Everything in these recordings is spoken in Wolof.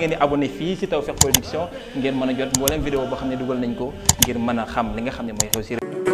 ngeen di abonné fii ci Tawfekh Production ngeen mën a jot mboolem vidéo boo xam ne dugal nañ ko ngir mën xam li nga xam ne mooy xew ci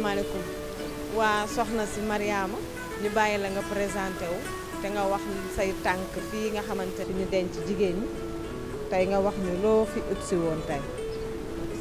maaleykum waa soxna si Mariama ñu bàyyi la nga présenté te nga wax say tànk fii nga xamante ni ñu denc jigéen ñi tey nga wax ñu loo fi ut si woon tey.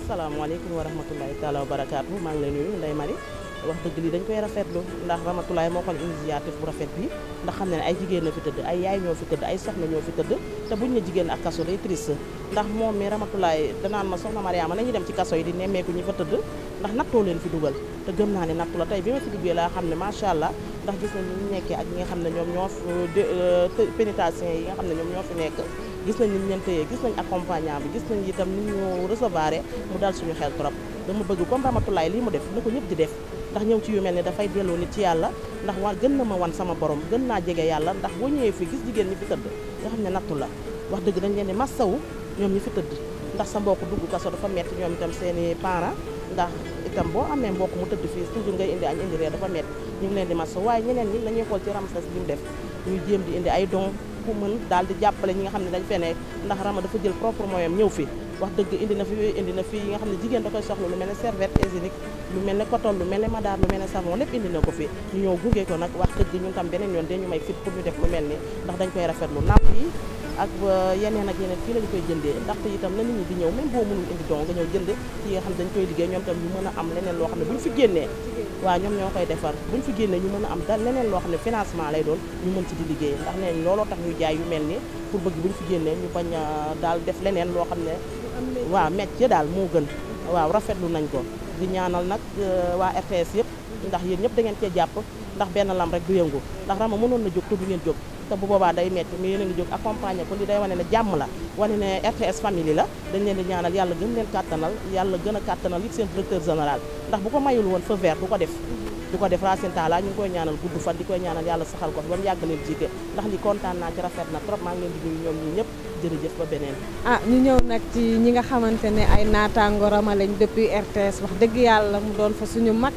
salaamaaleykum wa rahmatulahi taala wa barakaatu maa ngi lay nuyu Ndeye Marie wax dëgg lii dañ koy rafetlu ndax ramatulaay moo xool initiative bu rafet bi ndax xam ne ne ay jigéen na fi tëdd ay yaay ñoo fi tëdd ay soxna ñoo fi tëdd te buñ ne jigéen ak kaso day triste ndax moom mi ramatulaay danaan ma soxna Mariama nañu dem ci kaso yi di nemmeeku ñi fa tëdd ndax nattoo leen fi dugal te gëm naa ne nattu la tey bi ma fi duggee laa xam ne macha allah ndax gis nañ ni ñu nekkee ak ñi nga xam ne ñoom ñoo euh, euh, pénitenciers yi nga xam ne ñoom ñoo fi nekk gis nañ ni ñu yee gis nañ accompagnant bi gis nañ itam ni ñu recevoir mu dal suñu xel trop dama bëgg comme Ramatoulaye lii mu def na ko ñëpp di def ndax ñëw ci yu mel ne dafay delloo nit ci yàlla ndax wa gën na ma wan sama borom gën naa jege yàlla ndax boo ñëwee fii gis jigéen ñi fi tëdd nga xam ne nattu la wax dëgg dañ leen di massawu ñoom ñi fi tëdd ndax sa mbokk dugg kaso dafa metti ñoom itam seeni parents ndax itam boo amee mbokk mu tëdd fii toujours ngay indi añ indi reer dafa metti ñu ngi leen di mas waaye ñeneen ñi lañuy xool ci Ramses bi mu di indi ay don ku mën daal di jàppale ñi nga xam ne dañ fee nekk ndax Rama dafa jël propre moyen ñëw fi wax dëgg indi na fi indi na fi yi nga xam ne jigéen da koy soxla lu mel ne serviette hygiénique lu mel ne coton lu mel ne madaar lu mel ne savon lépp indi na ko fi ñu ñëw gunge ko nag wax dëgg ñun tam beneen yoon de ñu may fit def lu mel ni ndax dañ koy rafetlu napp yi ak euh, yeneen ak yeneen fii lañ koy jëndee ndaxte itam na nit ñi di ñëw même boo mënul indi don nga ñëw jënd ci nga xam dañ koy liggéey ñoom tam ñu mën a am leneen loo xam ne buñ fi génnee waaw ñoom ñoo koy defar buñ fi génnee ñu mën a am da leneen loo xam ne financement lay doon ñu mën ci di liggéey ndax neen looloo tax ñu jaay yu mel ni pour bëgg ñu fi génnee ñu bañ a euh, daal def leneen loo xam ne waa métier daal moo gën waaw rafetlu nañ ko di ñaanal nag euh, waa RTS yëpp ndax yéen ñëpp da cee jàpp ndax benn lam rek du yëngu ndax rama mënoon na jóg te du ngeen jóg te bu boobaa day metti mais yéen a ngi jóg accompagner ko li day wane ne jàmm la wane ne RTS famille la dañ leen di ñaanal yàlla gën leen kàttanal yàlla gën a kàttanal it seen directeur général ndax bu ko mayul woon feu vert du ko def du ko def Racine Talla ñu ngi koy ñaanal gudd fan di koy ñaanal yàlla saxal ko fi ba mu yàgg jiite ndax li kontaan naa ci rafet na trop maa ngi leen di nuyu ñoom ñi ñëpp jërëjëf ba beneen ah ñu ñëw nag ci ñi nga xamante ne ay naataango rama lañ depuis RTS wax dëgg yàlla mu doon fa suñu mag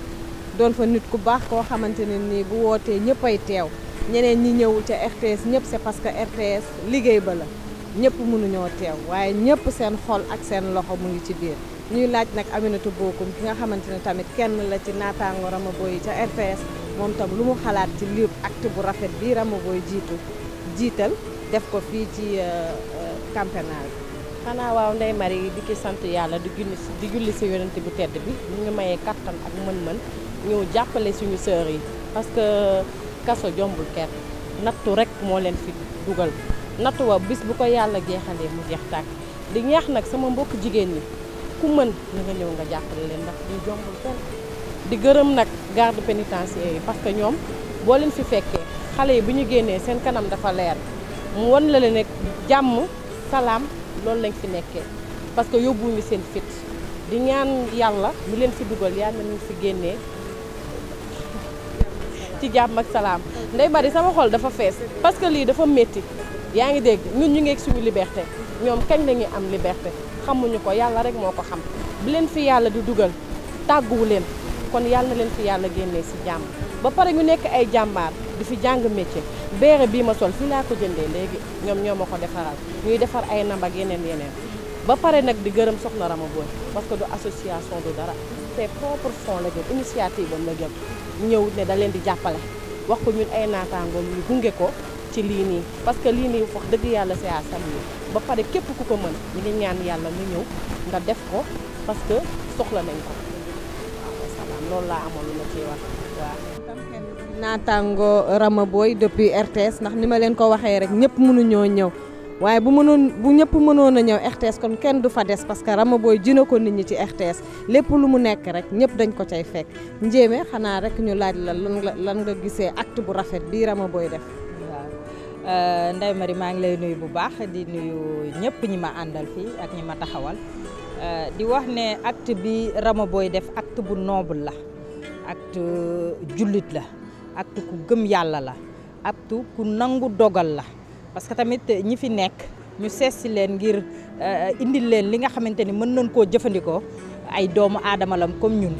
doon fa nit ku baax koo xamante ne nii bu wootee ñëpp ay teew ñeneen ñi ñëwul ca RTS ñëpp c'est parce que RTS liggéey ba la ñëpp mënuñoo teew waaye ñëpp seen xol ak seen loxo mu ngi ci biir ñuy laaj nag Aminata Bokum ki nga xamante ne tamit kenn la ci naataango Rama yi ca RTS moom tam lu mu xalaat ci liib akt bu rafet bii Rama jiitu jiital def ko fii ci euh, euh, campagnat bi xanaa waaw Ndeye Marie di ci sant yàlla di julli di julli si yonent bu tedd bi ñu ngi mayee kattan ak mën-mën ñëw jàppale suñu sœur yi parce kaso jombul kenn nattu rek moo leen fi dugal nattu wa bis bu ko yàlla jeexalee mu jeex tàkk di ñaax nag sama mbokk jigéen ñi ku mën na ñëw nga jàppale leen ndax di jombul kenn di gërëm nag garde pénitentiaire yi parce que ñoom boo leen fi fekkee xale yi bu ñu génnee seen kanam dafa leer mu won la leen ne jàmm salaam loolu lañ fi nekkee parce que yóbbuñu seen fit di ñaan yàlla mu leen fi dugal yàlla nañu fi génnee ci jàmm ak salaam ndey bari sama xol dafa fees parce que lii dafa métti yaa ngi dégg ñun ñu ngi ak suñu liberté ñoom kañ la ñuy am liberté xamuñu ko yàlla rek moo ko xam bu leen fi yàlla di dugal tàgguwu leen kon yàlla na leen fi yàlla génnee si jàmm ba pare ñu nekk ay jàmbaar di fi jàng métier béere bii ma sol fii laa ko jëndee léegi ñoom ñoo ma ko defaral ñuy defar ay namba yeneen yeneen ba pare nag di gërëm soxna Rama Boy parce que du association du dara ses propres fonds la jël initiative am la jël ñëw ne da leen di jàppale wax ko ñun ay naataangoom ñu gunge ko ci lii nii parce que lii nii wax dëgg yàlla c'est à ba pare képp ku ko mën ñu ngi ñaan yàlla nga ñëw nga def ko parce que soxla nañ ko waaw salaam loolu laa amoon lu ma ciy wax waaw. naataango Rama Boy depuis RTS ndax ni ma leen ko waxee rek ñëpp mënuñoo ñëw. waaye bu mënoon bu ñëpp mënoon a ñëw RTS kon kenn du fa des parce que Rama Boy jina ko nit ñi ci RTS lépp lu mu nekk rek ñëpp dañ ko cay fekk njéeme xanaa rek ñu laaj la lan nga lan nga gisee acte bu rafet bii Rama booy def. waaw euh, Ndeye Marie maa ngi lay nuyu bu baax di nuyu ñëpp ñi ma àndal fii ak ñi ma taxawal euh, di wax ne acte bi Rama Boy def acte bu noble la acte jullit la acte ku gëm yàlla la acte ku nangu dogal la. parce que tamit ñi fi nekk ñu sees si leen ngir euh, indil leen li nga xamante ni mën nañ koo jëfandikoo ay doomu aadama lam comme ñun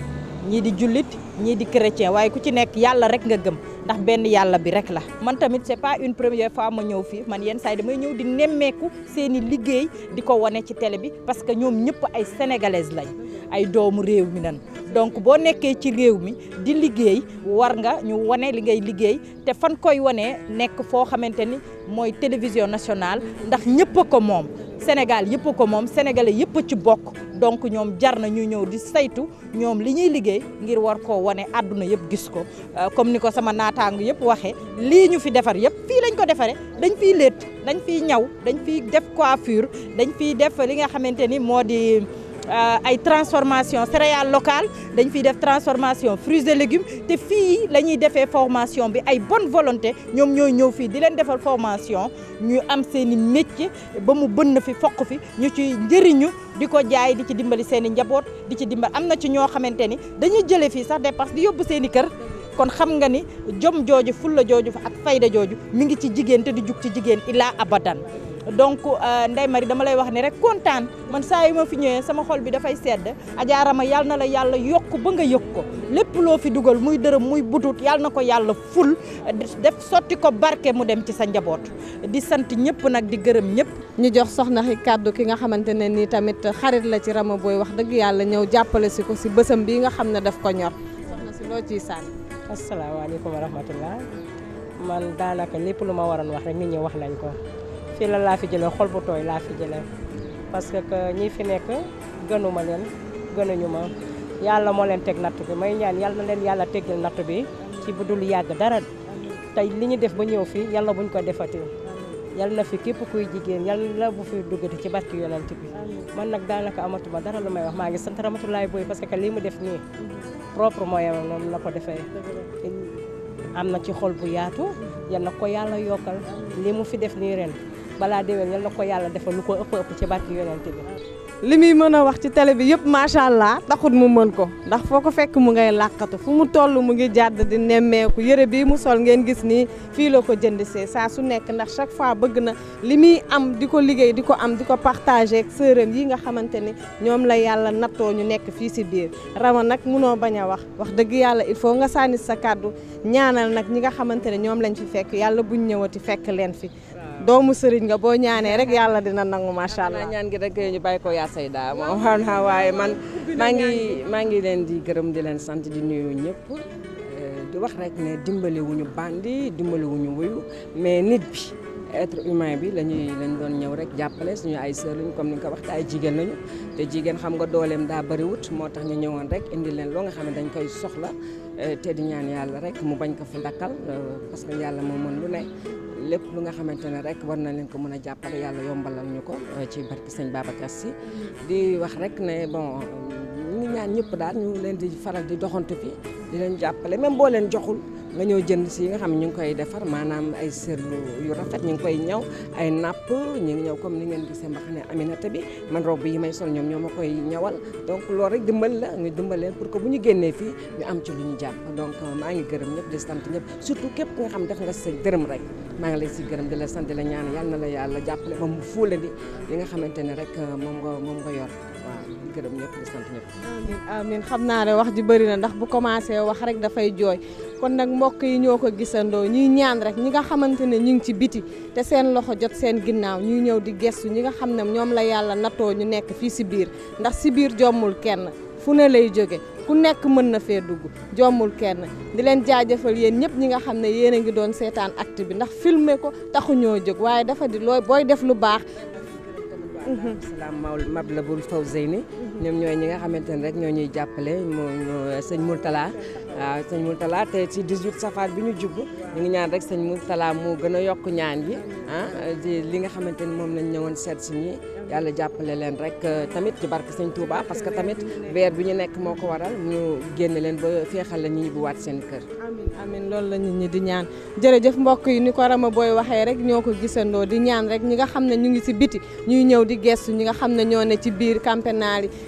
ñii di jullit ñii di chrétien waaye ku ci nekk yàlla rek nga gëm ndax benn yàlla bi rek la. man tamit c'est pas une première fois ma ñëw fii man yenn saa yi damay ñëw di nemmeeku seeni liggéey di ko wane ci tele bi parce que ñoom ñëpp ay sénégalaises lay ay doomu réew mi nan donc boo nekkee ci réew mi di liggéey war nga ñu wane li ngay liggéey te fan koy wane nekk foo xamante ni mooy télévision nationale ndax ñëpp a ko moom Sénégal yëpp ko moom sénégalais yëpp ci bokk. donc ñoom jar na ñu ñëw di saytu ñoom li ñuy liggéey ngir war koo wane àdduna yëpp gis ko euh, comme ni ko sama naataangu yëpp waxee lii ñu fi defar yëpp fii lañ ko defaree dañ fiy létt dañ fiy ñaw dañ fiy def coiffure dañ fiy def li nga xamante ni moo di Euh, ay transformation céréales local dañ fiy def transformation fruits et légumes te fii la ñuy defee formation bi ay bonne volonté ñoom ñooy ñëw fii di leen defal formation ñu am seen i métier ba mu bënn fi foq fi ñu ci njëriñu di ko jaay di ci dimbali seen i njaboot di ci dimbali am na ci ñoo xamante ni dañuy jëlee fii sax dépense di yóbbu seen i kër kon xam nga ni jom jooju fulla jooju ak fayda jooju mi ngi ci jigéen te di jug ci jigéen ilaa abadan donc euh, Ndeye Marie dama lay wax ni rek kontaan man saa yu ma fi ñëwee sama xol bi dafay sedd ajaarama yàlla na la yàlla yokk ba nga yëg ko lépp loo fi dugal muy dërëm muy butut yàlla na ko yàlla ful def sotti ko barke mu dem ci sa njaboot di sant ñëpp nag di gërëm ñëpp ñu jox soxna xi kàddu ki nga xamante ne nii tamit xarit la ci Rama Boye wax dëgg yàlla ñëw jàppale si ko si bësam bii nga xam ne daf ko ñor soxna si loo ciy sànni asalaamaaleykum wa rahmatullah man daanaka lépp lu ma waroon wax rek nit wax nañ ko fii la laa fi jëlee xol bu tooy laa fi jëlee parce que ñii fi nekk gënuma leen gënuñu ma yàlla moo leen teg natt bi ñaan yàlla na leen yàlla teggil natt bi ci bu dul yàgg dara tey li ñu def ba ñëw fii yàlla buñ ko defati yàlla na fi képp kuy jigéen yàlla bu fi duggati ci barki yonent bi man nag daanaka amatuma dara lu may wax maa ngi sant Ramatulaay Boy parce que lii mu def nii propre moyen noonu la ko defee am na ci xol bu yaatu yal na ko yàlla yokkal lii mu fi def nii ren balaa déwén yal na ko yàlla defal lu ko ëpp ëpp ci barke yonent bi li muy mën a wax ci tele bi yëpp macha allah taxut mu mën ko ndax foo ko fekk mu ngay làqatu fu mu toll mu ngi jàdd di nemmeeku yëre bii mu sol ngeen gis nii fii la ko jënd see saa su nekk ndax chaque fois bëgg na li muy am di ko liggéey di ko am di ko partagé ak sërëm yi nga xamante ni ñoom la yàlla nattoo ñu nekk fii si biir rawa nag munoo bañ a wax wax dëgg yàlla il faut nga sànni sa kàddu ñaanal nag ñi nga xamante ne ñoom lañ fi fekk yàlla buñ ñëwati fekk leen fi doomu sëriñ nga boo ñaanee rek yàlla dina nangu macha allah ñaan gi rek ñu bàyyi ko yaa daama moom waaye man maa ngi maa ngi leen di gërëm di leen sant di nuyu ñëpp eh, di wax rek ne dimbalewuñu wuñu bandi dimbali wuñu wuyu mais nit bi être humain bi la ñuy lañ doon ñëw rek jàppale suñu ay sœur lañu comme ni nga ko waxee ay jigéen lañu te jigéen xam nga dooleem daa bëriwut moo tax ñu ñëwoon rek indi leen loo nga xam ne dañ koy soxla euh, te di ñaan yàlla rek mu bañ ko fu ndakkal euh, parce que yàlla moo mën lu ne lépp lu nga xamante ne rek war na leen ko mën a jàppale yàlla yombalal ñu ko euh, ci barki sëñ Babacar si di wax rek ne bon ñi ñaan ñëpp daal ñu leen di faral di doxantu fi di leen jàppale même boo leen joxul. nga ñëw jënd si yi nga xam ne ñu ngi koy defar maanaam ay sër yu rafet ñu ngi koy ñaw ay napp ñu ngi ñëw comme ni ngeen gisee mbaxane Aminata bi man robe yi may sol ñoom ñoo ma koy ñawal donc loolu rek dimbal la ñu dimbal leen pour que bu ñu génnee fii am ci lu ñu jàpp donc euh, maa ngi gërëm ñëpp di sant ñëpp surtout képp nga xam def nga sa dërëm rek maa ngi lay si gërëm di la sant la ñaan yàlla na la yàlla jàppale ba mu fuule di li nga xamante ne rek euh, moom nga moom nga yor waaw gërëm xam naa ne wax ji bëri na ndax bu commencé wax rek dafay jooy kon nag mbokk yi ñoo ko gisandoo ñuy ñaan rek ñi nga xamante ne ñu ngi ci biti te seen loxo jot seen ginnaaw ñuy ñëw di gestu ñi nga xam ne ñoom la yàlla nattoo ñu nekk fii si biir ndax si biir jommul kenn fu ne lay jóge ku nekk mën na fee dugg jommul kenn di leen jaajëfal yéen ñëpp ñi nga xam ne yéen a ngi doon seetaan acte bi ndax filmer ko taxu ñoo jóg waaye dafa di booy def lu baax la salaam Matlabul Fawzeyni ñoom ñooy ñi nga xamante ne rek ñoo ñuy jàppale mu sëñ Mourtala waaw sëñ Mourtala te ci 18 safar bi ñu jub ñu ngi ñaan rek sëñ Mourtala moo gën a yokk ñaan bi ah li nga xamante ni moom nañ ñëwoon seet si ñi yàlla jàppale leen rek euh, tamit ci barke sëñ Touba parce que tamit beer bi ñu nekk moo ko waral ñu génn leen ba feexal la ñu ñibbiwaat seen kër. amiin amiin loolu la ñi di ñaan jërëjëf mbokk yi ni ko Rama booy waxee rek ñoo ko gisandoo di ñaan rek ñi nga xam ne ñu ngi si biti ñuy ñëw di gestu ñi nga xam ne ñoo ne ci biir camp yi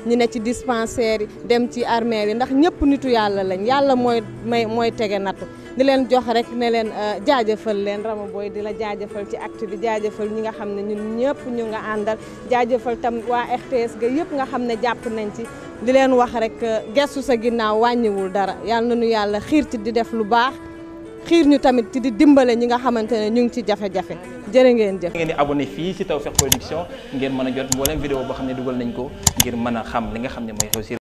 ñu ne ci dispensaire yi dem ci armeel yi ndax ñëpp nitu yàlla lañ yàlla mooy may mooy tege nattu di leen jox rek ne leen euh, jaajëfal leen Rama booy di la jaajëfal ci acte bi jaajëfal ñi nga xam ne ñun ñëpp ñu nga àndal jaajëfal tamit waa RTS ga yëpp nga xam ne jàpp nañ ci di leen wax rek euh, gestu sa ginnaaw wàññiwul dara yal na nu yàlla xiir ci di def lu baax xiir ñu tamit ci di dimbale ñi nga xamante ne ñu ngi ci jafe-jafe jërë ngeen jëf. ngeen di abonné fii ci Tawfekh Production ngeen mën a jot mboolem vidéo boo xam ne dugal nañ ko ngir mën a xam